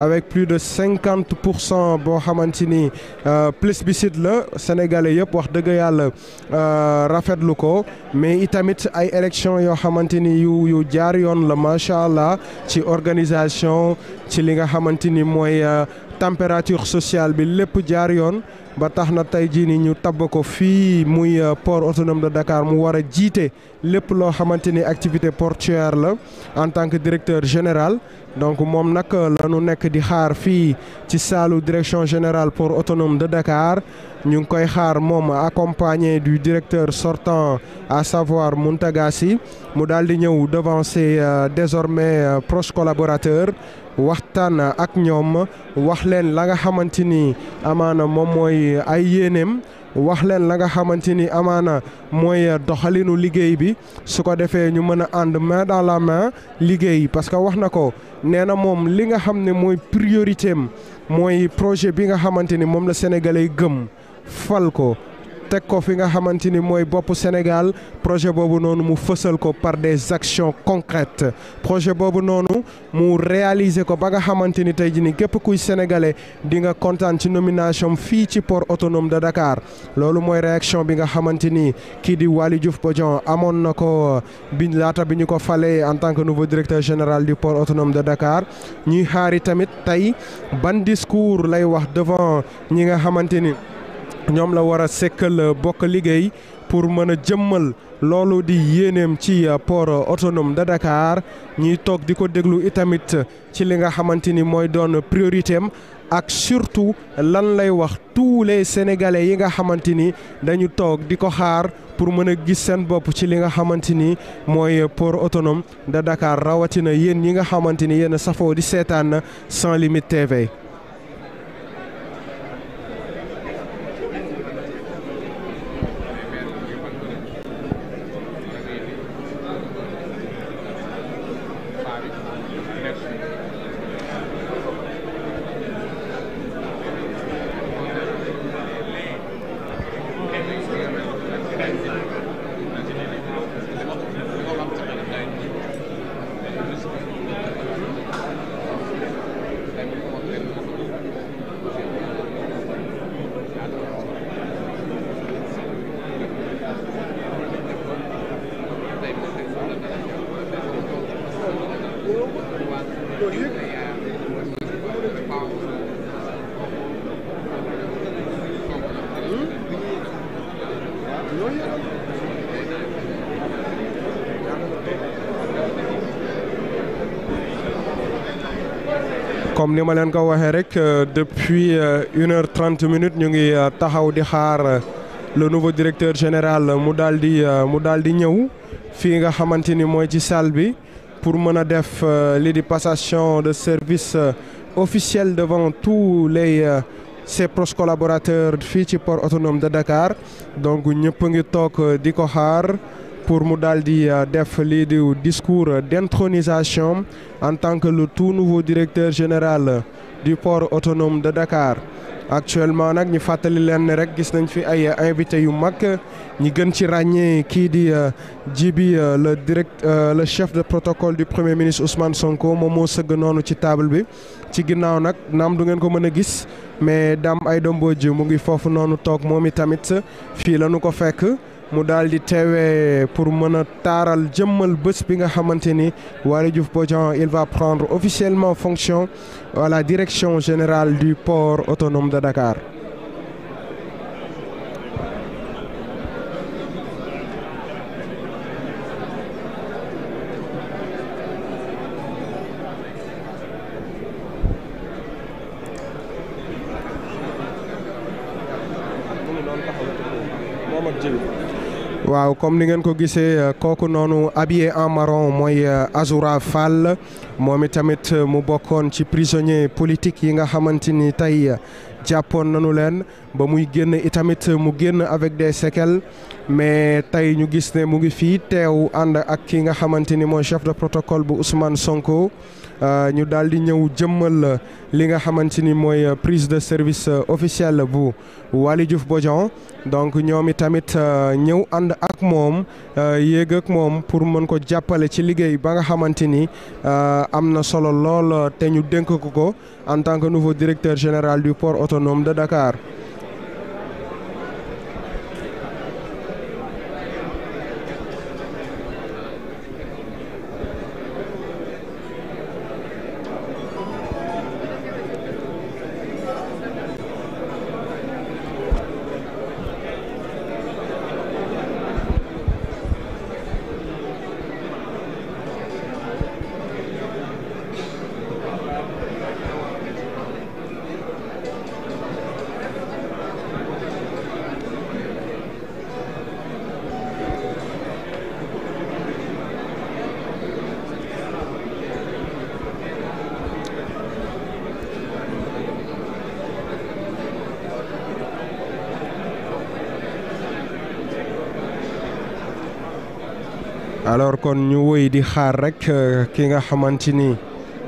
avec plus de cinquante pour cent boo xamante ni euh, plébiscite la sénégalais yëpp wax dëgg yàlla euh, rafetlu ko mais itamit ay élection yoo xamante ni yu yu jaar yoon la macha allah ci organisation ci li nga xamante ni mooy euh, température sociale bi lépp jaar yoon ba tax na tey jii ni ñu tabb ko fii muy euh, port autonome de Dakar mu war a jiite lépp loo xamante ni activité portuaire la en tant que directeur général donc moom nag euh, la ñu nekk di xaar fii ci saalu direction général port autonome de Dakar ñu ngi koy xaar moom accompagné du directeur sortant à savoir Mountaga Sy mu daal di ñëw devant ses euh, désormais proches collaborateurs waxtaan waxtaan ak ñoom wax leen la nga xamante ni amaana moom mooy ay yéeneem wax leen la nga xamante ni amaana mooy doxalinu liggéey bi su ko defee ñu mën a ànd main dans la main liggéey parce que wax na ko nee na moom li nga xam ne mooy priorité am mooy projet bi nga xamante ni moom la sénégalais gëm fal ko teg ko fi nga xamante ni mooy bopp Sénégal projet boobu noonu mu fësal ko par des actions concrètes projet boobu noonu mu réaliser ko ba nga xamante ni tey jii ni képp kuy sénégalais di nga kontaan ci nomination fii ci port autonome de Dakar loolu mooy réaction bi nga xamante ni kii di Waly Diouf Bodiang amoon na ko euh, bi laata bi ñu ko falee en tant que nouveau directeur général di port autonome de Dakar ñuy xaari tamit tey ban discours lay wax devant ñi nga xamante ni ñoom la war a sekkal euh, bokk liggéey pour mën a jëmmal loolu di yéeneem ci euh, port autonome de Dakar ñiy toog di ko déglu itamit ci li nga xamante ni mooy doon priorité am ak surtout lan lay wax tous les sénégalais yi nga xamante ni dañu toog di ko xaar pour mën a gis seen bopp ci li nga xamante ni mooy port autonome de Dakar rawatina yéen ñi nga xamante ni yéen a safoo di seetaan sans limite TV. comme ni ma leen ko waxee rek euh, depuis euh, une heure trente minutes ñu ngi euh, taxaw di xaar le nouveau directeur général mu daal mu daal di ñëw fii nga xamante ni mooy ci salle bi. pour mën a def euh, lii di passation de service euh, officielle devant tous les euh, ses proches collaborateurs fii ci port autonome de dakaar donc ñëpp ngi toog di ko xaar pour mu daal di def lii di discours d'intronisation en tant que le tout nouveau directeur général di port autonome de Dakar actuellement nag ñu fàttali leen ne rek gis nañu fi ay invité yu mag ñi gën ci ràññee kii di euh, Djiby euh, le direct euh, le chef de protocole du premier ministre Ousmane Sonko moom moo sëgg noonu ci table bi ci ginnaaw nag naam du ngeen ko mën a gis mais Dame ay Mbodj mu ngi foofu noonu toog moom i tamit fii la ñu ko fekk. mu daal di teewee pour mën a taaral jëmmal bës bi nga xamante ni Waly Diouf Bodian il va prendre officiellement fonction à la direction générale du port autonome de Dakar waaw comme ni ngeen ko gisee euh, kooku noonu habillé en marron mooy euh, Azoura Fall moom i tamit euh, mu bokkoon ci prisonnier politique yi nga xamante ni tey jàppoon nanu leen ba muy génn itamit mu génn avec des séquelles mais tey ñu gis ne mu ngi fii teew ànd ak ki nga xamante ni mooy chef de protocole bu Ousmane Sonko. Euh, ñu daal di ñëw jëmmal li nga xamante ni mooy euh, prise de service euh, officielle bu Waly Diouf donc ñoom i tamit ñëw ànd ak moom yéeg ak moom pour mën ko jàppale ci liggéey ba nga xamante ni am na solo lool te ñu dénk ko ko en tant que nouveau directeur général du port autonome de Dakar. alors kon ñu wëy di xaar rek euh, ki nga xamante ni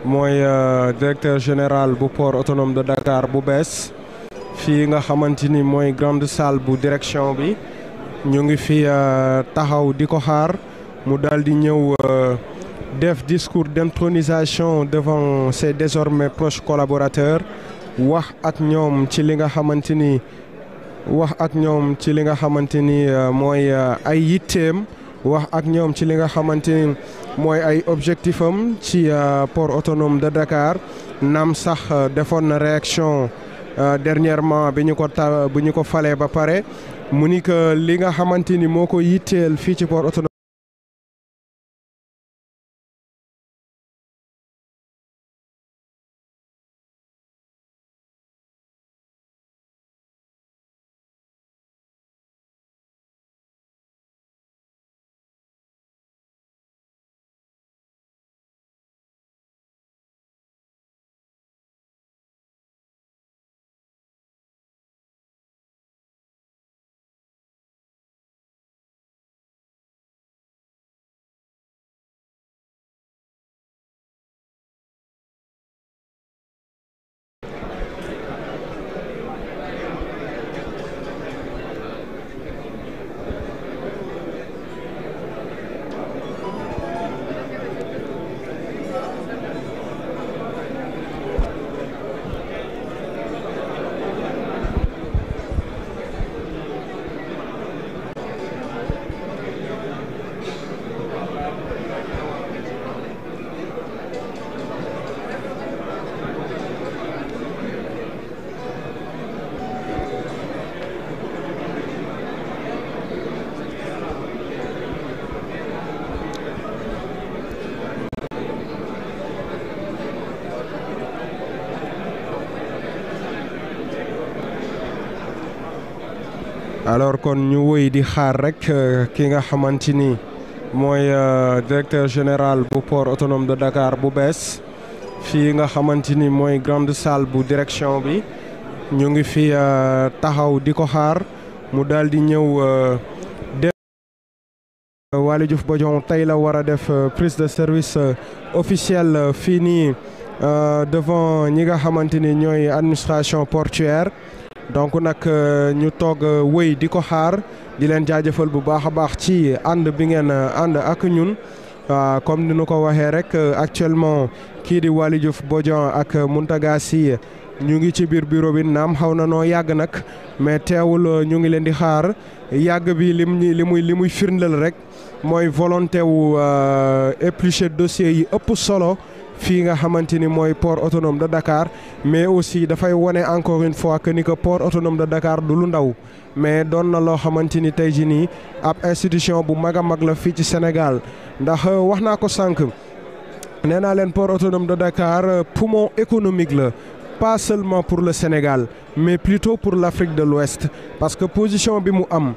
mooy euh, directeur général bu port autonome de Dakar bu bees fii nga xamante ni mooy grande salle bu direction bi ñu ngi fi euh, taxaw di ko xaar mu dal di ñëw def discours d'intronisation devant ses désormais proches collaborateurs wax ak ñoom ci li nga xamante ni wax ak ñoom ci li nga xamante ni mooy ay yitteem wax ak ñoom ci li nga xamante ni mooy ay objectif am ci euh, por autonome de dakaar naam sax euh, defoon na réaction euh, dernièrement bi ñu ko ta bi ñu ko falee ba pare mu ni que li nga xamante ni moo ko yitteel fii ci port autonome alors kon ñu woy di xaar rek euh, ki nga xamante ni mooy euh, directeur général bu port autonome de Dakar bu bees fii nga xamante ni mooy grande salle bu direction bi ñu ngi fi euh, taxaw di ko xaar mu dal di ñëw Waly Diouf Bodiang tey la war a def prise de service officielle fii nii devant ñi nga xamante ni ñooy administration portuaire donc nag euh, ñu toog euh, wëy di ko xaar di leen jaajëfal bu baax a baax ci ànd bi ngeen euh, ànd ak ñun comme ni nu ko waxee rek actuellement kii di Waly Diouf Bodian ak Mountaga Sy ñu ngi ci biir bureau bi naam xaw na noo yàgg nag mais teewul ñu ngi leen di xaar yàgg bi lim li muy li muy firndeel rek mooy volonté wu éplucher dossier yi ëpp solo. fii nga xamante ni mooy port autonome de Dakar mais aussi dafay wone encore une fois que ni que port autonome de Dakar du lu ndaw mais doon na loo xamante ni tey jii nii ab institution bu mag a mag la fii ci Sénégal ndax euh, wax naa ko sànq nee naa leen port autonome de Dakar euh, poumon économique la. pas seulement pour le Sénégal mais plutôt pour l'Afrique de l'Ouest parce que position bi mu am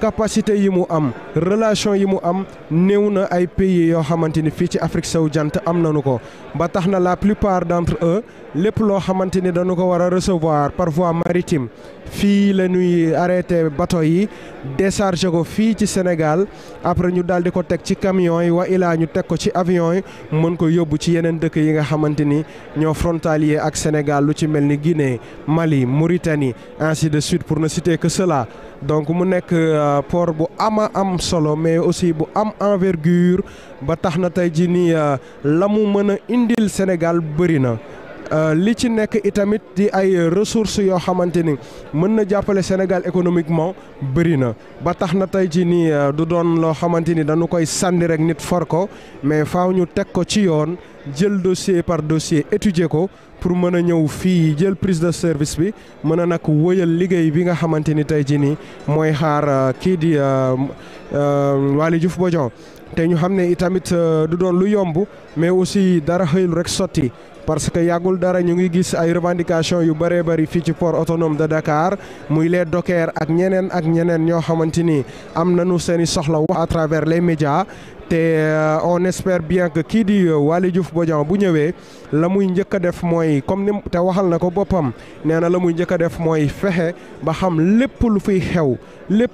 capacité yi mu am relation yi mu am néew na ay pays yoo xamante ni fii ci Afrique sowu jant am nañu ko ba tax na la plupart d'entre eux lépp loo xamante ni dañu ko war a recevoir par voie maritime fii la ñuy arrêté bateau yi déchargé ko fii ci Sénégal après ñu daal di ko teg ci camions yi wa ilaa ñu teg ko ci avions yi mën ko yóbbu ci yeneen dëkk yi nga xamante ni ñoo frontalier ak Sénégal lu ci mel ni Guinée Mali Mauritanie ainsi de suite pour na citer que cela Euh, port bu ama am solo mais aussi bu am envergure ba tax na tey ji nii euh, la mu mën a indil Sénégal bëri na Euh, li ci nekk itamit di ay ressources yoo xamante ni mën na jàppale Sénégal économiquement bëri na ba tax na tey ci nii euh, du doon loo xamante ni dañu koy sànni rek nit for ko mais faaw ñu teg ko ci yoon jël dossier par dossier étudier ko pour mën a ñëw fii jël prise de service bi mën a nag wëyal liggéey bi nga xamante ni tey jii nii mooy xaar euh, kii di Waly Diouf Bodiang te ñu xam ne itamit du doon lu yomb mais aussi dara xëyul rek sotti. parce que yàggul dara ñu ngi gis ay revendication yu bëree bëri fii ci port otonom de Dakar muy les dockers ak ñeneen ak ñeneen ñoo xamante ni am nañu seen i soxla wax à travers les médias te euh, on espère bien que kii di euh, Waly Diouf Bodian bu ñëwee la muy njëkk a def mooy comme ni te waxal na ko boppam nee na la muy njëkk a def mooy fexe ba xam lépp lu fiy xew lépp